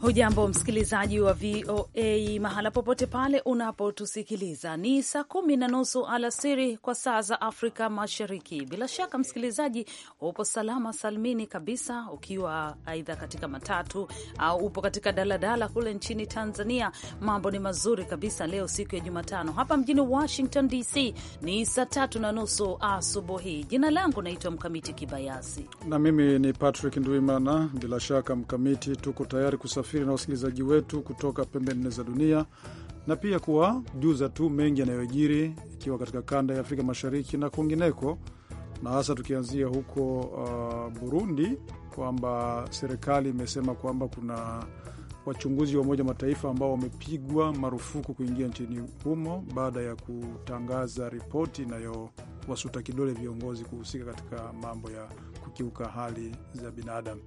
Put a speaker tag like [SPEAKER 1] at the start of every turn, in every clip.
[SPEAKER 1] Hujambo msikilizaji wa VOA mahala popote pale unapotusikiliza, ni saa kumi na nusu alasiri kwa saa za Afrika Mashariki. Bila shaka msikilizaji, upo salama salmini kabisa, ukiwa aidha katika matatu au upo katika daladala kule nchini Tanzania. Mambo ni mazuri kabisa leo, siku ya Jumatano. Hapa mjini Washington DC ni saa tatu na nusu asubuhi. Jina langu naitwa Mkamiti Kibayasi
[SPEAKER 2] na mimi ni Patrick Ndwimana. Bila shaka Mkamiti, tuko tayari kusafiri wasafiri na wasikilizaji wetu kutoka pembe nne za dunia na pia kuwajuza tu mengi yanayojiri ikiwa katika kanda ya Afrika Mashariki na kwingineko, na hasa tukianzia huko uh, Burundi kwamba serikali imesema kwamba kuna wachunguzi wa Umoja Mataifa ambao wamepigwa marufuku kuingia nchini humo baada ya kutangaza ripoti inayowasuta kidole viongozi kuhusika katika mambo ya kukiuka hali za binadamu.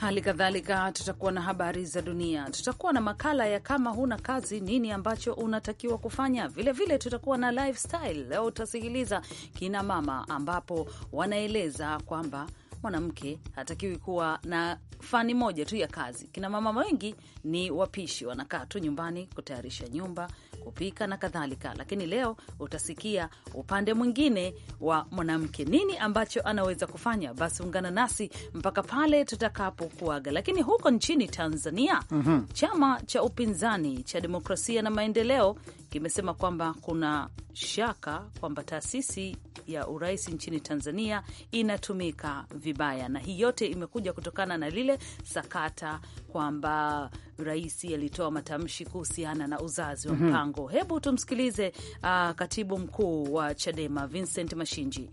[SPEAKER 1] Hali kadhalika tutakuwa na habari za dunia, tutakuwa na makala ya kama huna kazi nini ambacho unatakiwa kufanya. Vilevile vile tutakuwa na lifestyle. Leo utasikiliza kina mama ambapo wanaeleza kwamba mwanamke hatakiwi kuwa na fani moja tu ya kazi. Kina mama wengi ni wapishi, wanakaa tu nyumbani kutayarisha nyumba, kupika na kadhalika, lakini leo utasikia upande mwingine wa mwanamke, nini ambacho anaweza kufanya. Basi ungana nasi mpaka pale tutakapokuaga. Lakini huko nchini Tanzania, mm -hmm. chama cha upinzani cha Demokrasia na Maendeleo kimesema kwamba kuna shaka kwamba taasisi ya urais nchini Tanzania inatumika vi vibaya, na hii yote imekuja kutokana na lile sakata kwamba rais alitoa matamshi kuhusiana na uzazi wa mhm. mpango. mm -hmm. Hebu tumsikilize uh, katibu mkuu wa Chadema Vincent Mashinji.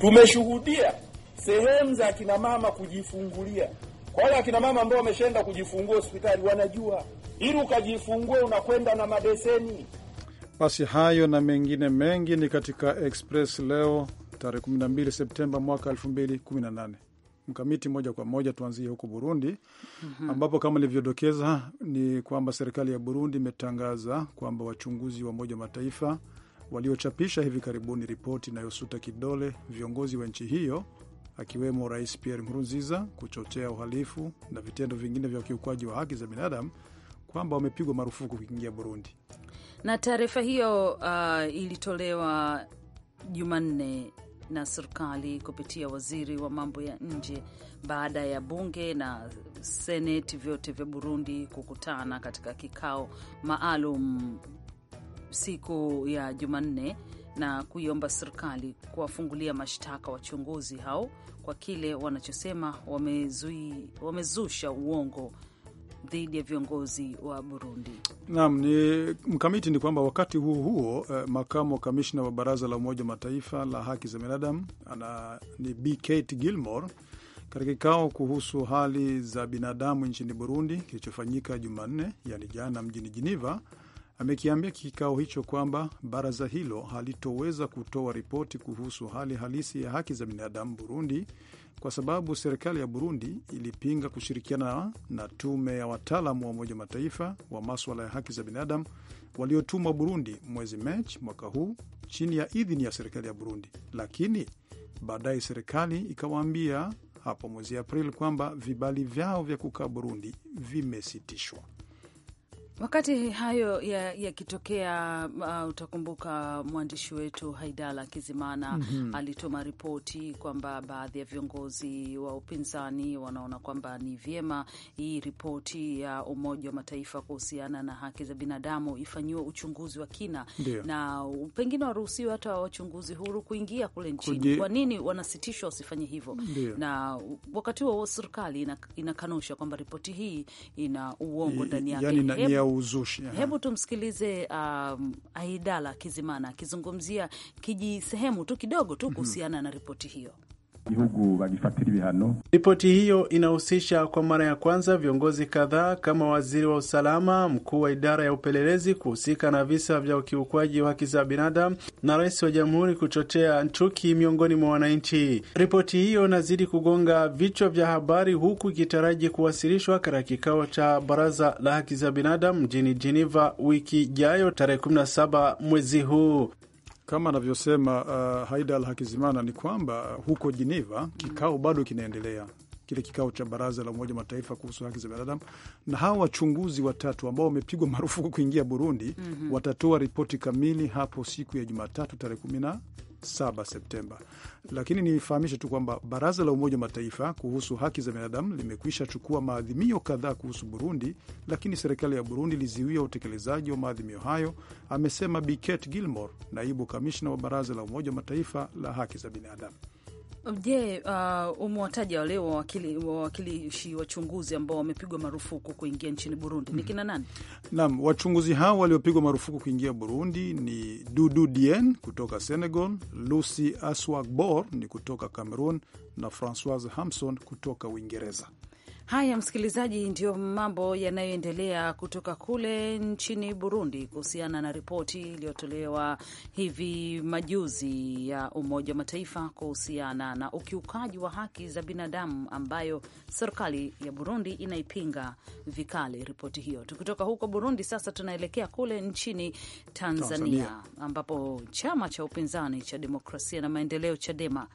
[SPEAKER 3] Tumeshuhudia sehemu za akinamama kujifungulia. Kwa wale akinamama ambao wameshaenda kujifungua hospitali, wanajua ili ukajifungue unakwenda na mabeseni.
[SPEAKER 2] Basi hayo na mengine mengi ni katika Express leo tarehe 12 Septemba mwaka 2018. Mkamiti, moja kwa moja tuanzie huko Burundi mm -hmm. ambapo kama nilivyodokeza ni kwamba serikali ya Burundi imetangaza kwamba wachunguzi wa Umoja wa Mataifa waliochapisha hivi karibuni ripoti inayosuta kidole viongozi wa nchi hiyo akiwemo Rais Pierre Nkurunziza kuchochea uhalifu na vitendo vingine vya ukiukwaji wa haki za binadamu kwamba wamepigwa marufuku kuingia Burundi.
[SPEAKER 1] Na taarifa hiyo uh, ilitolewa Jumanne na serikali kupitia waziri wa mambo ya nje baada ya bunge na seneti vyote vya Burundi kukutana katika kikao maalum siku ya Jumanne na kuiomba serikali kuwafungulia mashtaka wachunguzi hao kwa kile wanachosema wamezui, wamezusha uongo dhidi ya viongozi wa Burundi.
[SPEAKER 2] Naam, ni mkamiti ni kwamba wakati huo huo eh, makamu kamishna wa baraza la Umoja wa Mataifa la haki za binadamu ana ni Bi Kate Gilmore katika kikao kuhusu hali za binadamu nchini Burundi kilichofanyika Jumanne, yani jana, mjini Geneva amekiambia kikao hicho kwamba baraza hilo halitoweza kutoa ripoti kuhusu hali halisi ya haki za binadamu Burundi kwa sababu serikali ya Burundi ilipinga kushirikiana na tume ya wataalamu wa Umoja Mataifa wa maswala ya haki za binadamu waliotumwa Burundi mwezi Machi mwaka huu chini ya idhini ya serikali ya Burundi, lakini baadaye serikali ikawaambia hapo mwezi Aprili kwamba vibali vyao vya kukaa Burundi vimesitishwa.
[SPEAKER 1] Wakati hayo yakitokea ya uh, utakumbuka mwandishi wetu Haidala Kizimana mm -hmm. alituma ripoti kwamba baadhi ya viongozi wa upinzani wanaona kwamba ni vyema hii ripoti ya Umoja wa Mataifa kuhusiana na haki za binadamu ifanyiwe uchunguzi wa kina Dio. na pengine waruhusiwe hata wachunguzi huru kuingia kule nchini. Kwa nini wanasitishwa wasifanye hivyo? Na wakati huo serikali inakanusha kwamba ripoti hii ina uongo ndani yake yani ya
[SPEAKER 2] uzushi. Hebu
[SPEAKER 1] tumsikilize um, Aidala Kizimana akizungumzia kijisehemu tu kidogo tu mhm. kuhusiana mm -hmm. na ripoti hiyo
[SPEAKER 2] ihugu bagifatira ibihano. Ripoti hiyo inahusisha kwa mara ya kwanza viongozi kadhaa kama waziri wa usalama, mkuu wa idara ya upelelezi kuhusika na visa vya ukiukwaji wa haki za binadamu na rais wa jamhuri kuchochea chuki miongoni mwa wananchi. Ripoti hiyo inazidi kugonga vichwa vya habari huku ikitaraji kuwasilishwa katika kikao cha baraza la haki za binadamu mjini Geneva wiki ijayo tarehe 17 mwezi huu kama anavyosema uh, Haida Al Hakizimana ni kwamba uh, huko Geneva kikao bado kinaendelea, kile kikao cha baraza la Umoja Mataifa kuhusu haki za binadamu, na hawa wachunguzi watatu ambao wamepigwa marufuku kuingia Burundi mm -hmm. watatoa ripoti kamili hapo siku ya Jumatatu tarehe kumi na 7 Septemba. Lakini nifahamishe tu kwamba baraza la Umoja wa Mataifa kuhusu haki za binadamu limekwisha chukua maadhimio kadhaa kuhusu Burundi, lakini serikali ya Burundi ilizuia utekelezaji wa maadhimio hayo, amesema Biket Gilmore, naibu kamishna wa baraza la Umoja wa Mataifa la haki za binadamu.
[SPEAKER 1] Je, uh, umewataja wale wawakilishi wachunguzi ambao wamepigwa marufuku kuingia nchini Burundi ni mm-hmm. kina nani?
[SPEAKER 2] Naam, wachunguzi hao waliopigwa marufuku kuingia Burundi ni Dudu Dien kutoka Senegal, Lucy Aswagbor ni kutoka Cameroon na francoise Hamson kutoka Uingereza.
[SPEAKER 1] Haya, msikilizaji, ndiyo mambo yanayoendelea kutoka kule nchini Burundi kuhusiana na ripoti iliyotolewa hivi majuzi ya Umoja wa Mataifa kuhusiana na ukiukaji wa haki za binadamu ambayo serikali ya Burundi inaipinga vikali ripoti hiyo. Tukitoka huko Burundi, sasa tunaelekea kule nchini Tanzania, Tanzania, ambapo chama cha upinzani cha demokrasia na maendeleo CHADEMA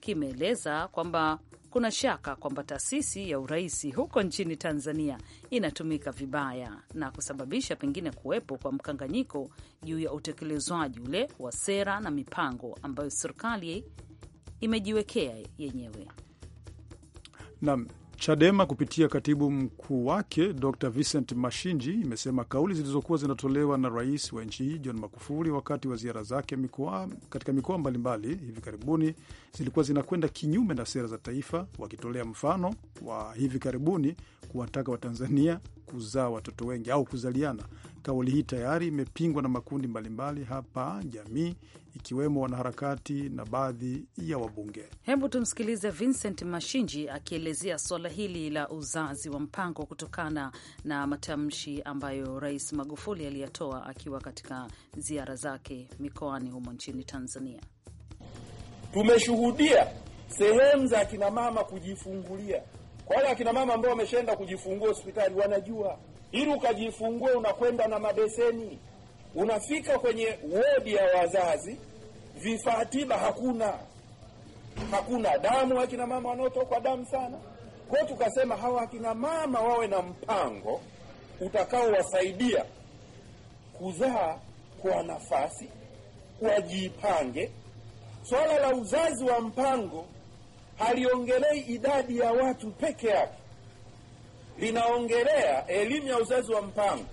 [SPEAKER 1] kimeeleza kwamba kuna shaka kwamba taasisi ya urais huko nchini Tanzania inatumika vibaya na kusababisha pengine kuwepo kwa mkanganyiko juu ya utekelezwaji ule wa sera na mipango ambayo serikali imejiwekea yenyewe.
[SPEAKER 2] Naam, Chadema kupitia katibu mkuu wake Dr Vincent Mashinji imesema kauli zilizokuwa zinatolewa na rais wa nchi hii John Magufuli wakati wa ziara zake mikoa, katika mikoa mbalimbali hivi karibuni zilikuwa zinakwenda kinyume na sera za taifa, wakitolea mfano wa hivi karibuni kuwataka Watanzania kuzaa watoto wengi au kuzaliana. Kauli hii tayari imepingwa na makundi mbalimbali hapa jamii, ikiwemo wanaharakati na baadhi ya wabunge.
[SPEAKER 1] Hebu tumsikilize Vincent Mashinji akielezea suala hili la uzazi wa mpango kutokana na matamshi ambayo Rais Magufuli aliyatoa akiwa katika ziara zake mikoani humo nchini Tanzania. Tumeshuhudia sehemu za akinamama kujifungulia kwa wale akina
[SPEAKER 3] mama ambao wameshaenda kujifungua hospitali wanajua, ili ukajifungue unakwenda na mabeseni, unafika kwenye wodi ya wazazi, vifaa tiba hakuna, hakuna damu. Akina mama wanaotokwa damu sana. kwao tukasema hawa akina mama wawe na mpango utakaowasaidia kuzaa kwa nafasi, wajipange. Swala la uzazi wa mpango haliongelei idadi ya watu peke yake, linaongelea elimu ya uzazi wa mpango,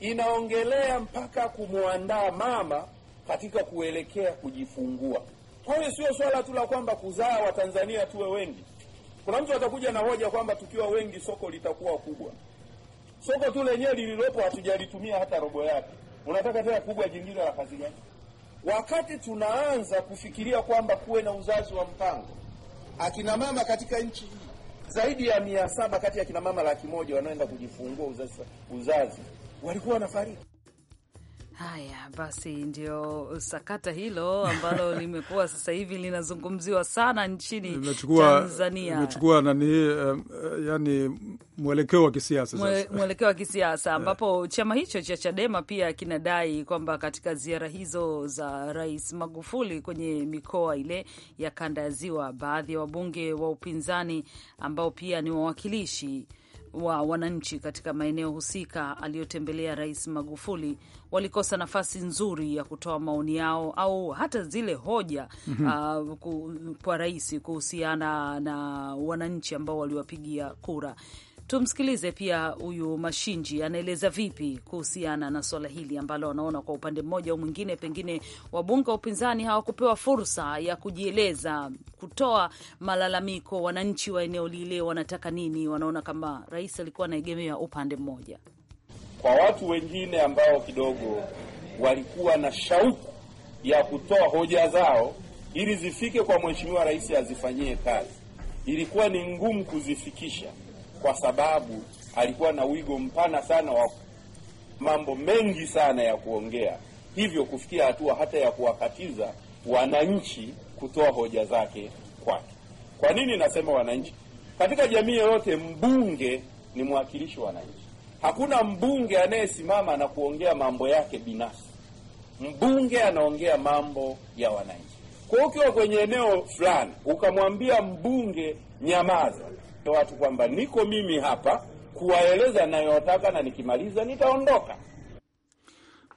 [SPEAKER 3] inaongelea mpaka kumwandaa mama katika kuelekea kujifungua. Kwa hiyo sio swala tu la kwamba kuzaa Watanzania tuwe wengi. Kuna mtu atakuja na hoja kwamba tukiwa wengi soko litakuwa kubwa. Soko tu lenyewe lililopo hatujalitumia hata robo yake, unataka tena kubwa jingine la kazi gani? Wakati tunaanza kufikiria kwamba kuwe na uzazi wa mpango akina mama katika nchi hii zaidi ya mia saba kati ya kina mama laki moja wanaenda kujifungua uzazi, uzazi walikuwa wanafariki.
[SPEAKER 1] Haya basi, ndio sakata hilo ambalo limekuwa sasa hivi linazungumziwa sana nchini imechukua, Tanzania
[SPEAKER 2] nani, um, yani mwelekeo wa kisiasa
[SPEAKER 1] mwelekeo wa kisiasa eh. ambapo chama hicho cha Chadema pia kinadai kwamba katika ziara hizo za Rais Magufuli kwenye mikoa ile ya kanda ya Ziwa, baadhi ya wabunge wa upinzani ambao pia ni wawakilishi wa wananchi katika maeneo husika aliyotembelea Rais Magufuli walikosa nafasi nzuri ya kutoa maoni yao au hata zile hoja mm -hmm. uh, ku, kwa rais kuhusiana na wananchi ambao waliwapigia kura. Tumsikilize pia huyu Mashinji anaeleza vipi kuhusiana na swala hili ambalo wanaona kwa upande mmoja au mwingine, pengine wabunge wa upinzani hawakupewa fursa ya kujieleza, kutoa malalamiko. Wananchi wa eneo lile wanataka nini? Wanaona kama rais alikuwa anaegemea upande mmoja.
[SPEAKER 3] Kwa watu wengine ambao kidogo walikuwa na shauku ya kutoa hoja zao ili zifike kwa mheshimiwa rais azifanyie kazi, ilikuwa ni ngumu kuzifikisha kwa sababu alikuwa na wigo mpana sana wa mambo mengi sana ya kuongea, hivyo kufikia hatua hata ya kuwakatiza wananchi kutoa hoja zake kwake. Kwa nini nasema wananchi? Katika jamii yoyote mbunge ni mwakilishi wa wananchi. Hakuna mbunge anayesimama na kuongea mambo yake binafsi. Mbunge anaongea mambo ya wananchi. Kwa hiyo ukiwa kwenye eneo fulani ukamwambia mbunge nyamaza, watu kwamba niko mimi hapa kuwaeleza nayotaka na nikimaliza nitaondoka.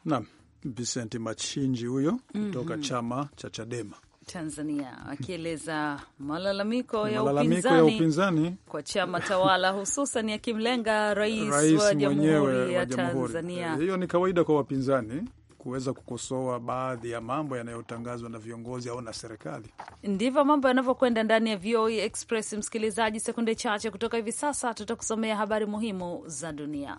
[SPEAKER 2] Naam, Vincent Machinji huyo kutoka mm -hmm. chama cha Chadema
[SPEAKER 1] Tanzania akieleza malalamiko ya upinzani, ya upinzani kwa chama tawala hususan yakimlenga rais, rais wa Jamhuri ya Tanzania.
[SPEAKER 2] Hiyo ni kawaida kwa wapinzani kuweza kukosoa baadhi ya mambo yanayotangazwa na viongozi au na serikali.
[SPEAKER 1] Ndivyo mambo yanavyokwenda ndani ya VOA e Express. Msikilizaji, sekunde chache kutoka hivi sasa tutakusomea habari muhimu za dunia.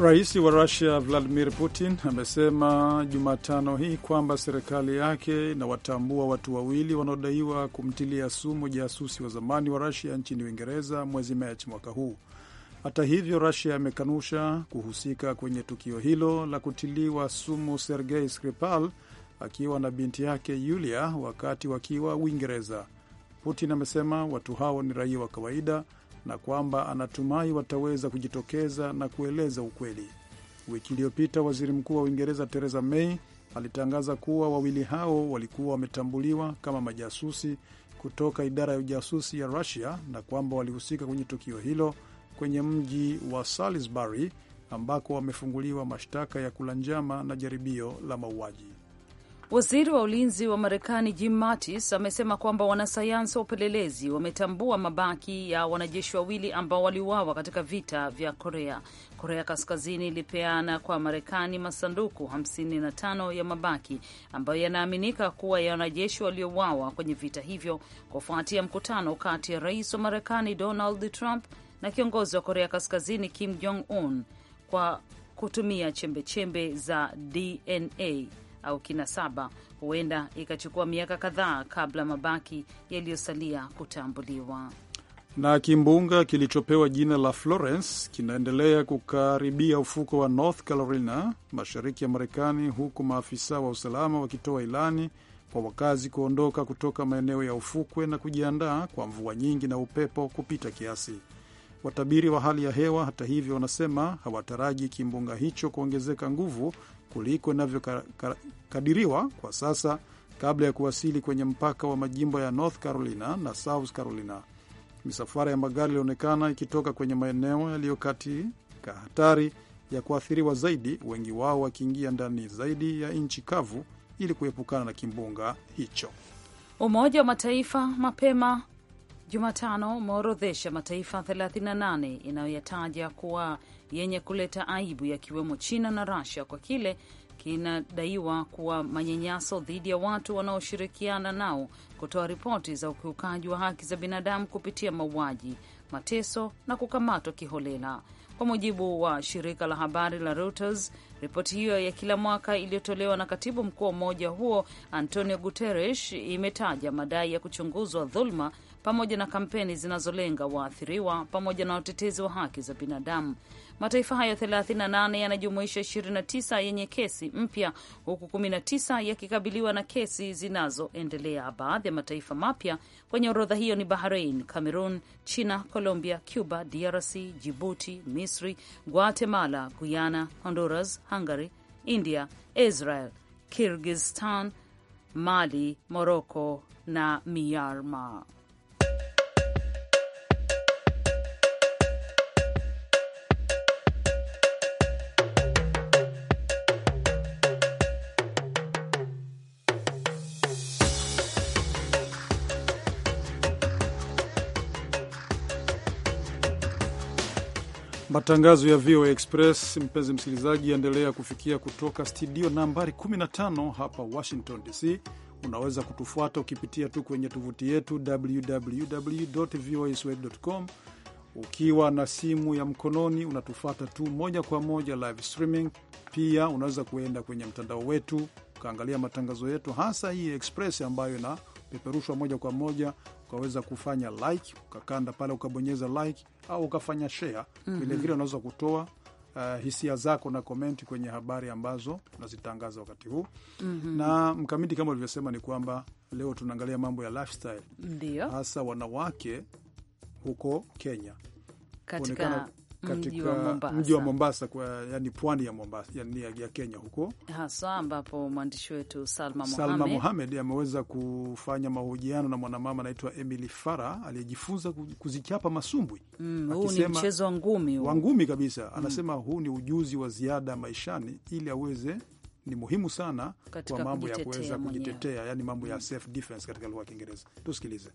[SPEAKER 2] Rais wa Rusia Vladimir Putin amesema Jumatano hii kwamba serikali yake inawatambua watu wawili wanaodaiwa kumtilia sumu jasusi wa zamani wa Rusia nchini Uingereza mwezi Machi mwaka huu. Hata hivyo, Rusia amekanusha kuhusika kwenye tukio hilo la kutiliwa sumu Sergei Skripal akiwa na binti yake Yulia wakati wakiwa Uingereza. Putin amesema watu hao ni raia wa kawaida na kwamba anatumai wataweza kujitokeza na kueleza ukweli. Wiki iliyopita waziri mkuu wa Uingereza Theresa May alitangaza kuwa wawili hao walikuwa wametambuliwa kama majasusi kutoka idara ya ujasusi ya Rusia na kwamba walihusika kwenye tukio hilo kwenye mji wa Salisbury ambako wamefunguliwa mashtaka ya kula njama na jaribio la mauaji.
[SPEAKER 1] Waziri wa ulinzi wa Marekani Jim Mattis amesema kwamba wanasayansi wa upelelezi wametambua mabaki ya wanajeshi wawili ambao waliuawa katika vita vya Korea. Korea Kaskazini ilipeana kwa Marekani masanduku 55 ya mabaki ambayo yanaaminika kuwa ya wanajeshi waliouawa kwenye vita hivyo, kufuatia mkutano kati ya rais wa Marekani Donald Trump na kiongozi wa Korea Kaskazini Kim Jong Un kwa kutumia chembechembe chembe za DNA au kinasaba, huenda ikachukua miaka kadhaa kabla mabaki yaliyosalia kutambuliwa.
[SPEAKER 2] Na kimbunga kilichopewa jina la Florence kinaendelea kukaribia ufuko wa North Carolina, mashariki ya Marekani, huku maafisa wa usalama wakitoa ilani kwa wakazi kuondoka kutoka maeneo ya ufukwe na kujiandaa kwa mvua nyingi na upepo kupita kiasi. Watabiri wa hali ya hewa, hata hivyo, wanasema hawataraji kimbunga hicho kuongezeka nguvu kuliko kadiriwa kwa sasa kabla ya kuwasili kwenye mpaka wa majimbo ya North Carolina na South Carolina. Misafara ya magari ilionekana ikitoka kwenye maeneo yaliyo katika hatari ya kuathiriwa zaidi, wengi wao wakiingia ndani zaidi ya nchi kavu ili kuepukana na kimbunga hicho.
[SPEAKER 1] Umoja wa Mataifa mapema Jumatano umeorodhesha mataifa 38 inayoyataja kuwa yenye kuleta aibu yakiwemo China na rasia kwa kile kinadaiwa kuwa manyanyaso dhidi ya watu wanaoshirikiana nao kutoa ripoti za ukiukaji wa haki za binadamu kupitia mauaji, mateso na kukamatwa kiholela. Kwa mujibu wa shirika la habari la Reuters, ripoti hiyo ya kila mwaka iliyotolewa na katibu mkuu wa umoja huo Antonio Guterres imetaja madai ya kuchunguzwa dhuluma, pamoja na kampeni zinazolenga waathiriwa pamoja na watetezi wa haki za binadamu. Mataifa hayo 38 yanajumuisha 29 yenye kesi mpya huku 19 yakikabiliwa na kesi zinazoendelea. Baadhi ya mataifa mapya kwenye orodha hiyo ni Bahrain, Cameroon, China, Colombia, Cuba, DRC, Jibuti, Misri, Guatemala, Guyana, Honduras, Hungary, India, Israel, Kirgistan, Mali, Morocco na Myanmar.
[SPEAKER 2] Matangazo ya VOA Express, mpenzi msikilizaji, yaendelea kufikia kutoka studio nambari 15 hapa Washington DC. Unaweza kutufuata ukipitia tu kwenye tovuti yetu www voa swahili.com. Ukiwa na simu ya mkononi unatufuata tu moja kwa moja live streaming. Pia unaweza kuenda kwenye mtandao wetu ukaangalia matangazo yetu, hasa hii Express ambayo inapeperushwa moja kwa moja. Ukaweza kufanya like, ukakanda pale, ukabonyeza like au ukafanya share mm -hmm. Vilevile unaweza kutoa uh, hisia zako na komenti kwenye habari ambazo tunazitangaza wakati huu mm -hmm. Na mkamiti, kama ulivyosema, ni kwamba leo tunaangalia mambo ya lifestyle, ndio hasa wanawake huko Kenya katika katika mji wa Mombasa, kwa yani pwani ya Mombasa, yani ya Kenya huko
[SPEAKER 1] haswa, ambapo mwandishi wetu Salma, Salma
[SPEAKER 2] ameweza kufanya mahojiano na mwanamama anaitwa Emily Fara aliyejifunza kuzichapa masumbwi.
[SPEAKER 1] Mm, huu ni mchezo
[SPEAKER 2] wa ngumi, wa ngumi kabisa. Mm. Anasema mm, huu ni ujuzi wa ziada maishani ili aweze ni muhimu sana katika kwa mambo ya kuweza kujitetea, yani mambo ya mm. self defense katika lugha ya Kiingereza. Tusikilize.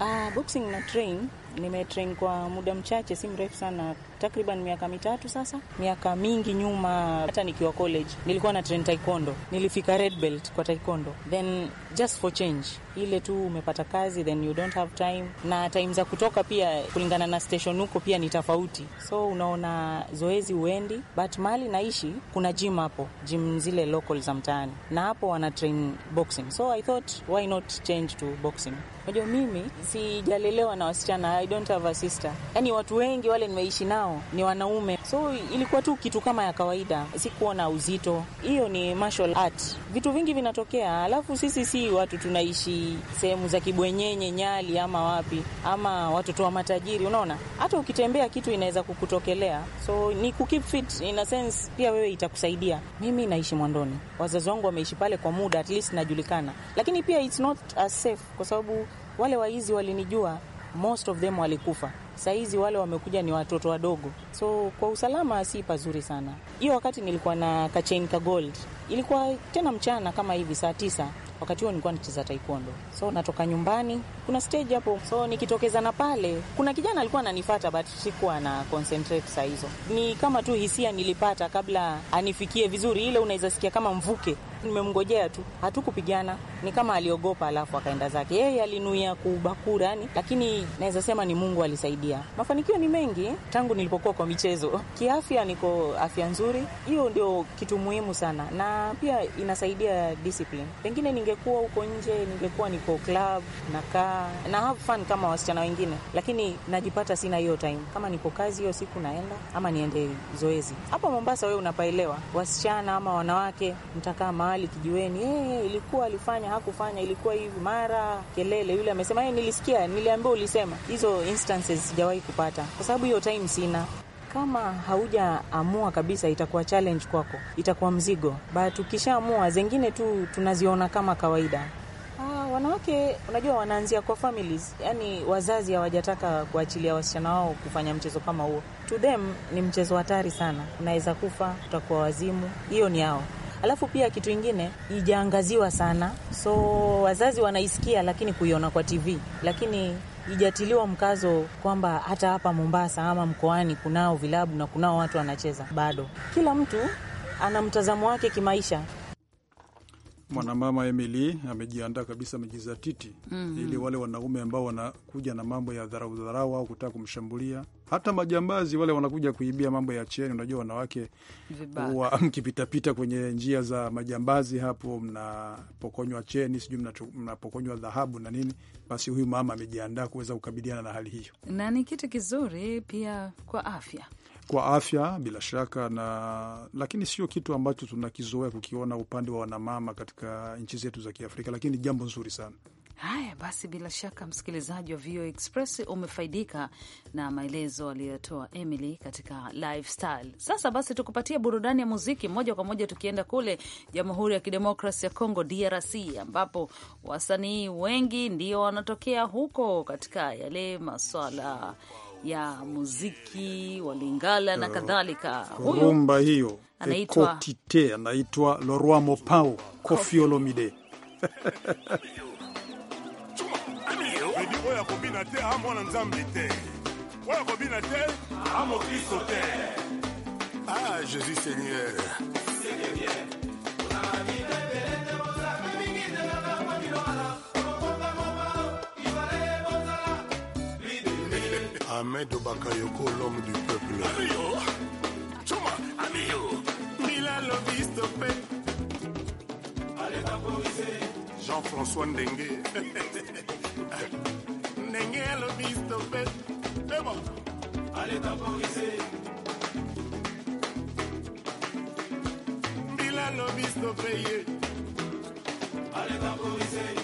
[SPEAKER 4] Uh, boxing na train nimetrain kwa muda mchache, si mrefu sana, takriban miaka mitatu sasa. Miaka mingi nyuma, hata nikiwa college nilikuwa na train taekwondo, nilifika red belt kwa taekwondo, then just for change ile tu umepata kazi, then you don't have time, na time za kutoka pia kulingana na station huko pia ni tofauti, so unaona zoezi uendi, but mali naishi kuna gym hapo, gym zile local za mtaani, na hapo wana train boxing, so I thought why not change to boxing. Unajua mimi sijalelewa na wasichana, I don't have a sister. Yani watu wengi wale nimeishi nao ni wanaume, so ilikuwa tu kitu kama ya kawaida, sikuona uzito. Hiyo ni martial art, vitu vingi vinatokea. Alafu sisi si watu tunaishi sehemu za kibwenyenye, Nyali ama wapi, ama watoto wa matajiri. Unaona, hata ukitembea kitu inaweza kukutokelea, so ni kukeep fit in a sense, pia wewe itakusaidia. Mimi naishi Mwandoni, wazazi wangu wameishi pale kwa muda, at least najulikana, lakini pia it's not as safe kwa sababu wale waizi walinijua, most of them walikufa. Sahizi wale wamekuja ni watoto wadogo, so kwa usalama si pazuri sana. Hiyo wakati nilikuwa na kachain ka gold, ilikuwa tena mchana kama hivi saa tisa Wakati huo nilikuwa nicheza taekwondo, so natoka nyumbani, kuna stage hapo, so nikitokeza na pale, kuna kijana alikuwa ananifata, but sikuwa na concentrate saa hizo. Ni kama tu hisia nilipata kabla anifikie vizuri, ile unaweza sikia kama mvuke. Nimemngojea tu, hatukupigana, ni kama aliogopa, alafu akaenda zake. Yeye alinuia kubakura yani, lakini naweza sema ni Mungu alisaidia. Mafanikio ni mengi tangu nilipokuwa kwa michezo. Kiafya niko afya nzuri, hiyo ndio kitu muhimu sana, na pia inasaidia discipline. Pengine ni ningekuwa huko nje, ningekuwa niko club nakaa na have fun kama wasichana wengine, lakini najipata sina hiyo time. Kama niko kazi hiyo siku naenda, ama niende zoezi hapa Mombasa. Wewe unapaelewa, wasichana ama wanawake, mtakaa mahali kijiweni, hey, eh, eh, ilikuwa alifanya hakufanya, ilikuwa hivi, mara kelele, yule amesema hey, eh, nilisikia, niliambiwa ulisema. Hizo instances sijawahi kupata kwa sababu hiyo time sina kama haujaamua kabisa, itakuwa challenge kwako, itakuwa mzigo. But ukishaamua zengine tu tunaziona kama kawaida. Ah, wanawake unajua wanaanzia kwa families, yani wazazi hawajataka kuachilia wasichana wao kufanya mchezo kama huo. To them ni mchezo hatari sana, unaweza kufa, utakuwa wazimu. Hiyo ni yao. Alafu pia kitu ingine ijaangaziwa sana, so wazazi wanaisikia, lakini kuiona kwa TV, lakini ijatiliwa mkazo kwamba hata hapa Mombasa ama mkoani kunao vilabu na kunao watu wanacheza bado. Kila mtu ana mtazamo wake kimaisha
[SPEAKER 2] mwanamama Emily amejiandaa kabisa, amejizatiti mm -hmm. ili wale wanaume ambao wanakuja na mambo ya dharau dharau au kutaka kumshambulia, hata majambazi wale wanakuja kuibia mambo ya cheni. Unajua wanawake huwa mkipitapita kwenye njia za majambazi hapo, mnapokonywa cheni, sijui mnapokonywa dhahabu na nini, basi huyu mama amejiandaa kuweza kukabiliana na hali hiyo,
[SPEAKER 1] na ni kitu kizuri pia kwa afya
[SPEAKER 2] kwa afya bila shaka na, lakini sio kitu ambacho tunakizoea kukiona upande wa wanamama katika nchi zetu za Kiafrika, lakini jambo nzuri sana.
[SPEAKER 1] Haya basi, bila shaka msikilizaji wa VOA Express umefaidika na maelezo aliyotoa Emily katika lifestyle. Sasa basi, tukupatia burudani ya muziki moja kwa moja, tukienda kule Jamhuri ya Kidemokrasi ya congo DRC, ambapo wasanii wengi ndio wanatokea huko katika yale maswala ya muziki wa Lingala na oh. kadhalika. Rumba
[SPEAKER 2] hiyo anaitwa anaitwa Lorwa Mopao kofiolo Olomide.
[SPEAKER 3] Ah, Jesus Seigneur Ahmed Bakayoko, l'homme du peuple. Amio. chuma, lobiste Mila Lovistope. Allez temporiser. Jean-François Ndengue. Ndengue l'homme C'est bon. Allez lobiste au Lovistope. Allez temporiser.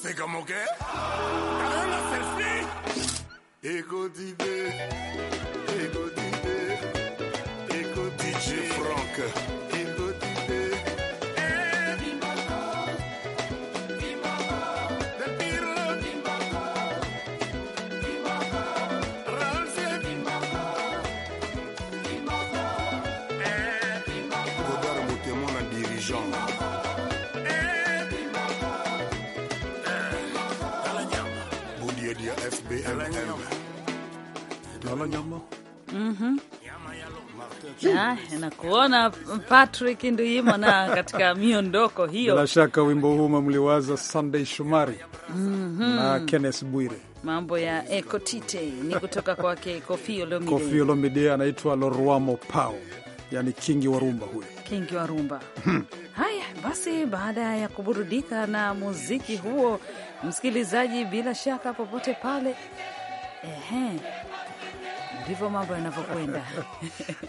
[SPEAKER 3] C'est comme conoce T'as vu la selfie! Ego DJ Franck. Mm
[SPEAKER 1] -hmm. Nakuona Patrick Nduimana katika miondoko hiyo. Bila
[SPEAKER 2] shaka wimbo huu mliwaza Sunday Shumari
[SPEAKER 1] mm na
[SPEAKER 2] Kenneth Bwire.
[SPEAKER 1] Mambo ya ekotite ni kutoka kwake Koffi Olomide. Koffi
[SPEAKER 2] Olomide anaitwa loruamo Pao, yani kingi wa rumba huyo,
[SPEAKER 1] kingi wa rumba hmm. haya. Basi baada ya kuburudika na muziki huo, msikilizaji, bila shaka popote pale, ehe ndivyo mambo yanavyokwenda.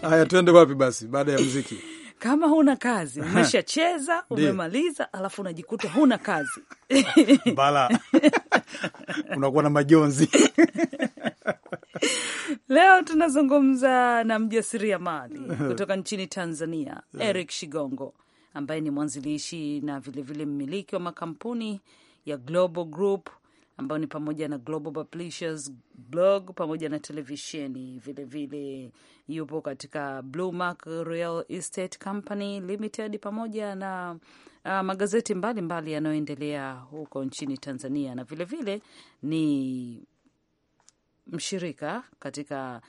[SPEAKER 2] Haya, tuende wapi basi baada ya mziki?
[SPEAKER 1] Kama huna kazi, umeshacheza umemaliza, alafu unajikuta huna kazi
[SPEAKER 2] bala unakuwa na majonzi.
[SPEAKER 1] Leo tunazungumza na mjasiriamali kutoka nchini Tanzania, Eric Shigongo ambaye ni mwanzilishi na vilevile vile mmiliki wa makampuni ya Global Group ambayo ni pamoja na Global Publishers Blog pamoja na televisheni vilevile. Yupo katika Blue Real Estate Company Limited pamoja na uh, magazeti mbalimbali yanayoendelea huko nchini Tanzania, na vilevile vile ni mshirika katika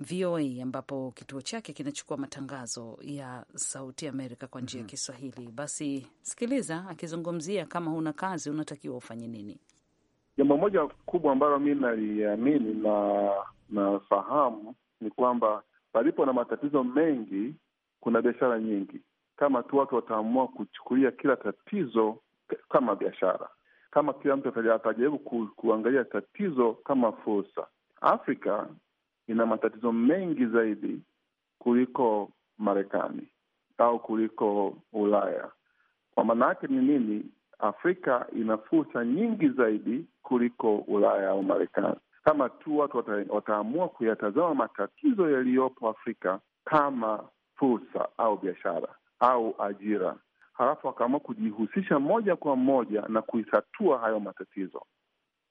[SPEAKER 1] VOA ambapo kituo chake kinachukua matangazo ya Sauti Amerika kwa njia ya mm -hmm. Kiswahili. Basi sikiliza akizungumzia kama huna kazi unatakiwa ufanye nini.
[SPEAKER 5] Jambo moja kubwa ambalo mi naliamini na nafahamu ni kwamba palipo na matatizo mengi kuna biashara nyingi, kama tu watu wataamua kuchukulia kila tatizo kama biashara, kama kila mtu atajaribu ku, kuangalia tatizo kama fursa. Afrika ina matatizo mengi zaidi kuliko Marekani au kuliko Ulaya. Kwa maana yake ni nini? Afrika ina fursa nyingi zaidi kuliko Ulaya au Marekani, kama tu watu wata, wataamua kuyatazama matatizo yaliyopo Afrika kama fursa au biashara au ajira, halafu wakaamua kujihusisha moja kwa moja na kuitatua hayo matatizo.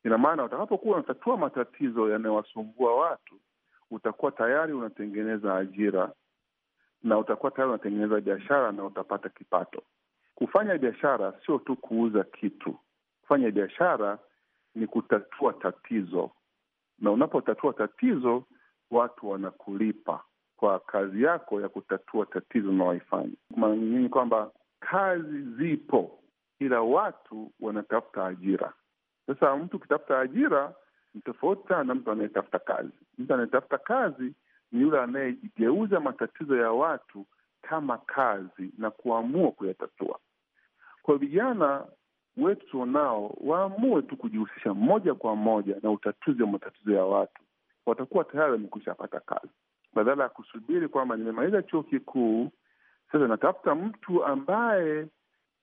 [SPEAKER 5] Ina maana utakapokuwa unatatua matatizo yanayowasumbua watu, utakuwa tayari unatengeneza ajira na utakuwa tayari unatengeneza biashara na utapata kipato. Kufanya biashara sio tu kuuza kitu. Kufanya biashara ni kutatua tatizo, na unapotatua tatizo watu wanakulipa kwa kazi yako ya kutatua tatizo unaoifanya. Maana nyingi kwamba kazi zipo, ila watu wanatafuta ajira. Sasa mtu ukitafuta ajira ni tofauti sana na mtu anayetafuta kazi. Mtu anayetafuta kazi ni yule anayegeuza matatizo ya watu kama kazi na kuamua kuyatatua. Kwa vijana wetu tulionao, waamue tu kujihusisha moja kwa moja na utatuzi wa matatizo ya watu, watakuwa tayari wamekwisha pata kazi, badala ya kusubiri kwamba nimemaliza chuo kikuu, sasa natafuta mtu ambaye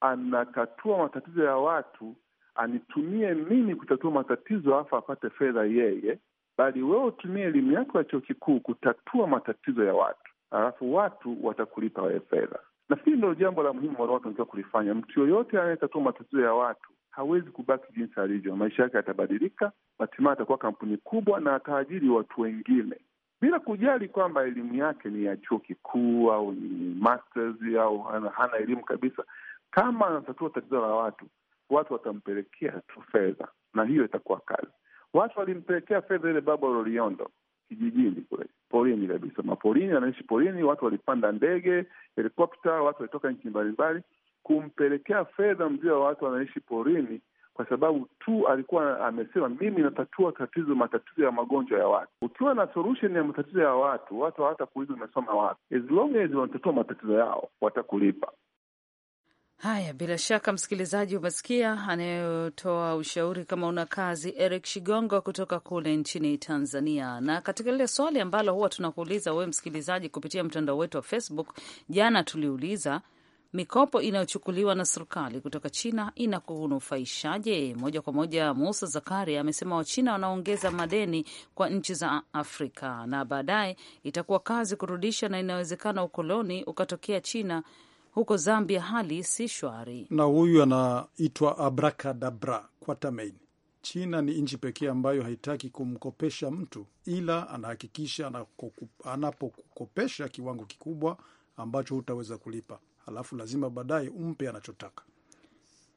[SPEAKER 5] anatatua matatizo ya watu anitumie mimi kutatua matatizo alafu apate fedha yeye, bali wewe utumie elimu yako ya chuo kikuu kutatua matatizo ya watu, alafu watu watakulipa wewe fedha. Nafikiri ndio jambo la muhimu ambalo watu wanatakiwa kulifanya. Mtu yoyote anayetatua matatizo ya watu hawezi kubaki jinsi alivyo. Maisha yake yatabadilika, hatimaye atakuwa kampuni kubwa na ataajiri watu wengine bila kujali kwamba elimu yake ni ya chuo kikuu au ni masters au hana elimu kabisa. Kama anatatua tatizo la watu, watu watampelekea tu fedha, na hiyo itakuwa kazi. Watu walimpelekea fedha ile baba Loliondo, kijijini kule porini kabisa, maporini, wanaishi porini. Watu walipanda ndege, helikopta, watu walitoka nchi mbalimbali kumpelekea fedha mzee wa watu wanaishi porini, kwa sababu tu alikuwa amesema, mimi natatua tatizo matatizo ya magonjwa ya watu. Ukiwa na solution ya matatizo ya watu, watu hawatakuuliza umesoma wapi, as long as wanatatua matatizo yao, watakulipa.
[SPEAKER 1] Haya, bila shaka msikilizaji, umesikia anayotoa ushauri kama una kazi, Eric Shigongo kutoka kule nchini Tanzania. Na katika lile swali ambalo huwa tunakuuliza wewe msikilizaji kupitia mtandao wetu wa Facebook, jana tuliuliza mikopo inayochukuliwa na serikali kutoka China inakunufaishaje? Moja kwa moja, Musa Zakaria amesema Wachina wanaongeza madeni kwa nchi za Afrika na baadaye itakuwa kazi kurudisha, na inawezekana ukoloni ukatokea China huko Zambia hali si shwari,
[SPEAKER 2] na huyu anaitwa Abrakadabra Quatermain. China ni nchi pekee ambayo haitaki kumkopesha mtu, ila anahakikisha anapokukopesha kiwango kikubwa ambacho hutaweza kulipa, halafu lazima baadaye umpe anachotaka.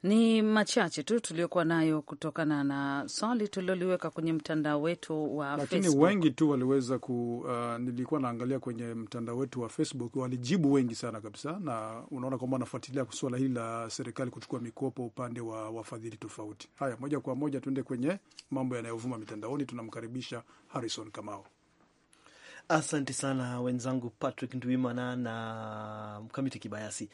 [SPEAKER 1] Ni machache tu tuliokuwa nayo kutokana na swali tuliloliweka kwenye mtandao wetu wa lakini Facebook.
[SPEAKER 2] Wengi tu waliweza ku uh, nilikuwa naangalia kwenye mtandao wetu wa Facebook, walijibu wengi sana kabisa, na unaona kwamba wanafuatilia suala hili la serikali kuchukua mikopo upande wa wafadhili tofauti. Haya, moja kwa moja tuende kwenye mambo yanayovuma mitandaoni. Tunamkaribisha Harrison Kamao.
[SPEAKER 6] Asante sana wenzangu Patrick Ndwimana na Mkamiti Kibayasi.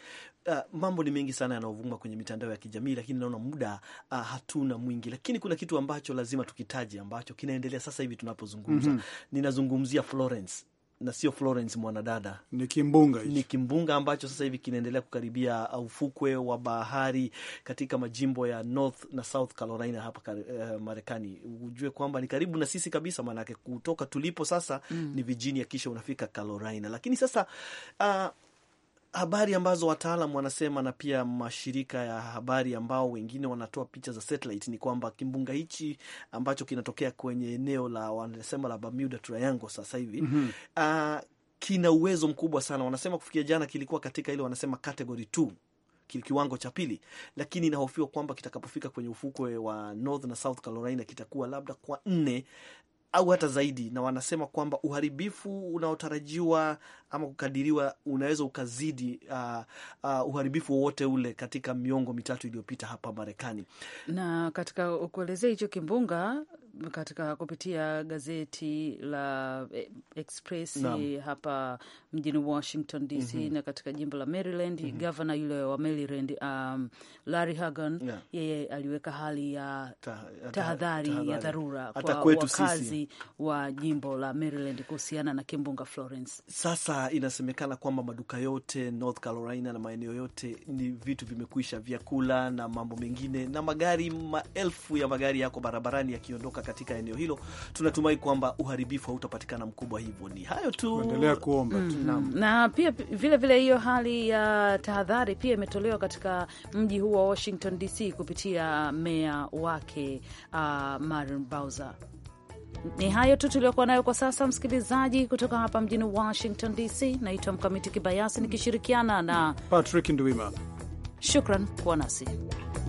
[SPEAKER 6] Uh, mambo ni mengi sana yanayovuma kwenye mitandao ya kijamii, lakini naona muda uh, hatuna mwingi, lakini kuna kitu ambacho lazima tukitaje ambacho kinaendelea sasa hivi tunapozungumza. mm -hmm. Ninazungumzia Florence na sio Florence mwanadada, ni
[SPEAKER 2] kimbunga ni
[SPEAKER 6] kimbunga ambacho sasa hivi kinaendelea kukaribia uh, ufukwe wa bahari katika majimbo ya North na South Carolina hapa uh, Marekani. Ujue kwamba ni karibu na sisi kabisa, maanake kutoka tulipo sasa mm, ni Virginia, kisha unafika Carolina. Lakini sasa uh, habari ambazo wataalam wanasema na pia mashirika ya habari ambao wengine wanatoa picha za satellite ni kwamba kimbunga hichi ambacho kinatokea kwenye eneo la wanasema la Bermuda Triangle sasa hivi mm -hmm. uh, kina uwezo mkubwa sana. Wanasema kufikia jana kilikuwa katika ile wanasema category 2 kiwango cha pili, lakini inahofiwa kwamba kitakapofika kwenye ufukwe wa North na South Carolina kitakuwa labda kwa nne au hata zaidi, na wanasema kwamba uharibifu unaotarajiwa ama kukadiriwa unaweza ukazidi uh, uh, uharibifu wowote ule katika miongo mitatu iliyopita hapa Marekani. Na katika kuelezea hicho kimbunga
[SPEAKER 1] katika kupitia gazeti la eh, Express Naam. hapa mjini Washington DC mm -hmm. na katika jimbo la Maryland mm -hmm. gavana yule wa Maryland um, Larry Hagan yeah. yeye aliweka hali ya tahadhari ya dharura kwa wakazi wa jimbo la Maryland kuhusiana na kimbunga Florence.
[SPEAKER 6] Sasa inasemekana kwamba maduka yote North Carolina na maeneo yote ni vitu vimekwisha, vyakula na mambo mengine, na magari maelfu ya magari yako barabarani yakiondoka katika eneo hilo. Tunatumai kwamba uharibifu hautapatikana mkubwa, hivyo ni hayo tu, endelea kuomba mm.
[SPEAKER 1] Na pia vile vile hiyo hali ya uh, tahadhari pia imetolewa katika mji huu wa Washington DC kupitia meya wake uh, Marin Bowser. Ni hayo tu tuliokuwa nayo kwa sasa, msikilizaji, kutoka hapa mjini Washington DC. Naitwa Mkamiti Kibayasi nikishirikiana na
[SPEAKER 2] Patrick Ndwima.
[SPEAKER 1] Shukran kuwa nasi.